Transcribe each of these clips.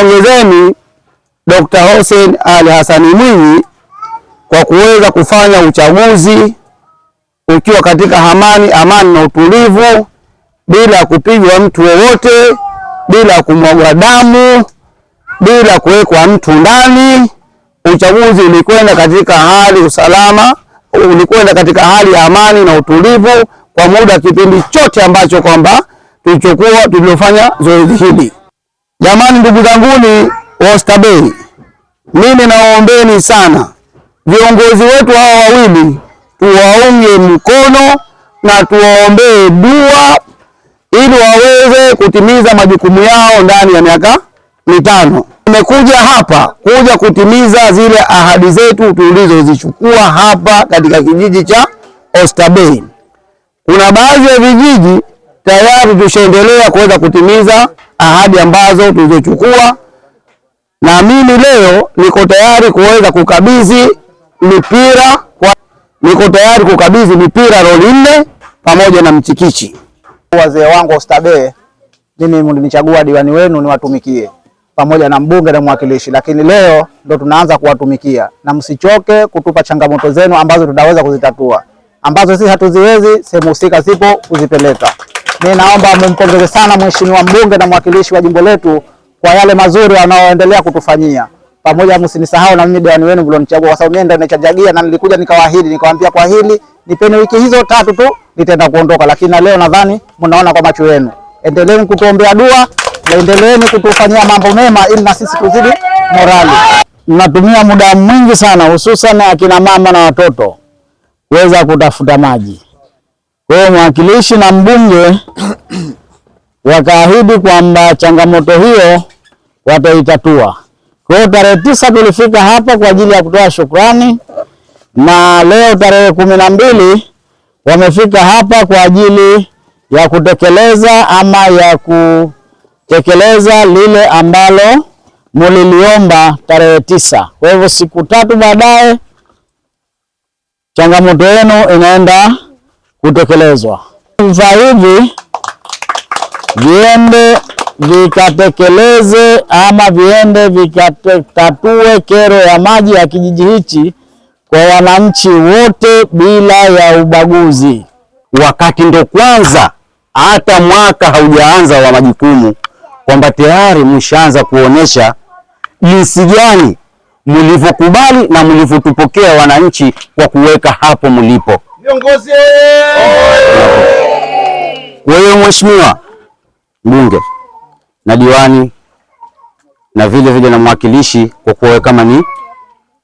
tumpongezeni Dr. Hussein Ali Hassan Mwinyi kwa kuweza kufanya uchaguzi ukiwa katika amani amani na utulivu, bila ya kupigwa mtu wowote, bila ya kumwagwa damu, bila kuwekwa mtu ndani. Uchaguzi ulikwenda katika hali usalama, ulikwenda katika hali ya amani na utulivu kwa muda, kipindi chote ambacho kwamba tulichokuwa tuliofanya zoezi hili. Jamani, ndugu zanguni wa Oysterbay, mimi nawaombeni sana viongozi wetu hawa wawili, tuwaunge mkono na tuwaombee dua ili waweze kutimiza majukumu yao ndani ya miaka mitano. Tumekuja hapa kuja kutimiza zile ahadi zetu tulizozichukua hapa katika kijiji cha Oysterbay. Kuna baadhi ya vijiji tayari tushaendelea kuweza kutimiza ahadi ambazo tulizochukua, na mimi leo niko tayari kuweza kukabidhi mipira kwa, niko tayari kukabidhi mipira roli nne pamoja na mchikichi. Wazee wangu Oysterbay, mimi mlinichagua diwani wenu niwatumikie pamoja na mbunge na mwakilishi, lakini leo ndo tunaanza kuwatumikia, na msichoke kutupa changamoto zenu ambazo tunaweza kuzitatua, ambazo sisi hatuziwezi, sehemu husika zipo kuzipeleka. Mimi naomba mumpongeze sana mheshimiwa mbunge na mwakilishi wa jimbo letu kwa yale mazuri anayoendelea kutufanyia. Pamoja msinisahau na mimi diwani wenu mlionichagua kwa sababu mimi ndio ninachajagia na nilikuja nikawaahidi nikawaambia kwa hili nipeni wiki hizo tatu tu nitaenda kuondoka, lakini na leo nadhani mnaona kwa macho yenu. Endeleeni kutuombea dua, na endeleeni kutufanyia mambo mema ili na sisi tuzidi morali. Natumia muda mwingi sana hususan akina mama na watoto kuweza kutafuta maji kwa hiyo mwakilishi na mbunge wakaahidi kwamba changamoto hiyo wataitatua. Kwa hiyo tarehe tisa tulifika hapa kwa ajili ya kutoa shukrani, na leo tarehe kumi na mbili wamefika hapa kwa ajili ya kutekeleza ama ya kutekeleza lile ambalo muliliomba tarehe tisa. Kwa hivyo siku tatu baadaye changamoto yenu inaenda kutekelezwa. hivi viende vikatekeleze ama viende vikatatue kero ya maji ya kijiji hichi kwa wananchi wote bila ya ubaguzi. Wakati ndo kwanza hata mwaka haujaanza wa majukumu, kwamba tayari mshaanza kuonesha jinsi gani mlivyokubali na mlivyotupokea wananchi kwa kuweka hapo mlipo viongozi. Wewe mheshimiwa mbunge na diwani na vile vile na mwakilishi, kwa kuwa kama ni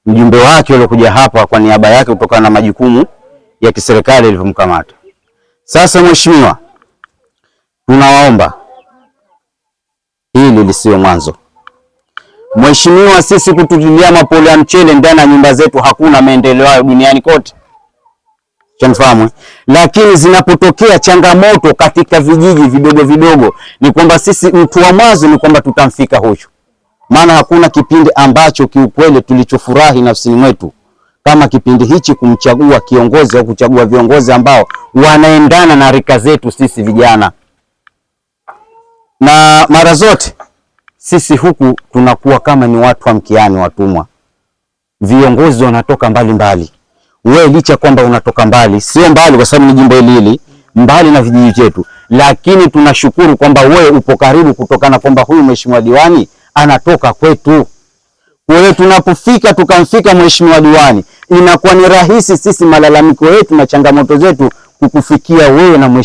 mjumbe wake aliokuja hapa kwa niaba yake kutokana na majukumu ya kiserikali ilivyomkamata Sasa mheshimiwa, tunawaomba hili lisiwe mwanzo. Mheshimiwa, sisi kutulilia mapole ya mchele ndani ya nyumba zetu hakuna maendeleo duniani kote. Chanifahamu, eh? lakini zinapotokea changamoto katika vijiji vidogo vidogo, ni kwamba sisi mtu wa mwanzo ni kwamba tutamfika huyu, maana hakuna kipindi ambacho kiukweli tulichofurahi nafsini mwetu kama kipindi hichi kumchagua kiongozi au kuchagua viongozi ambao wanaendana na rika zetu sisi vijana. Na mara zote sisi huku tunakuwa kama ni watu wa mkiani, watumwa. Viongozi wanatoka mbalimbali mbali we licha kwamba unatoka mbali, sio mbali kwa sababu ni jimbo hili hili mbali na vijiji vyetu lakini tunashukuru kwamba wewe upo karibu, kutokana kwamba huyu mheshimiwa diwani anatoka kwetu. Kwa hiyo tunapofika tukamfika mheshimiwa diwani, inakuwa ni rahisi sisi malalamiko yetu na changamoto zetu kukufikia wewe na mheshimiwa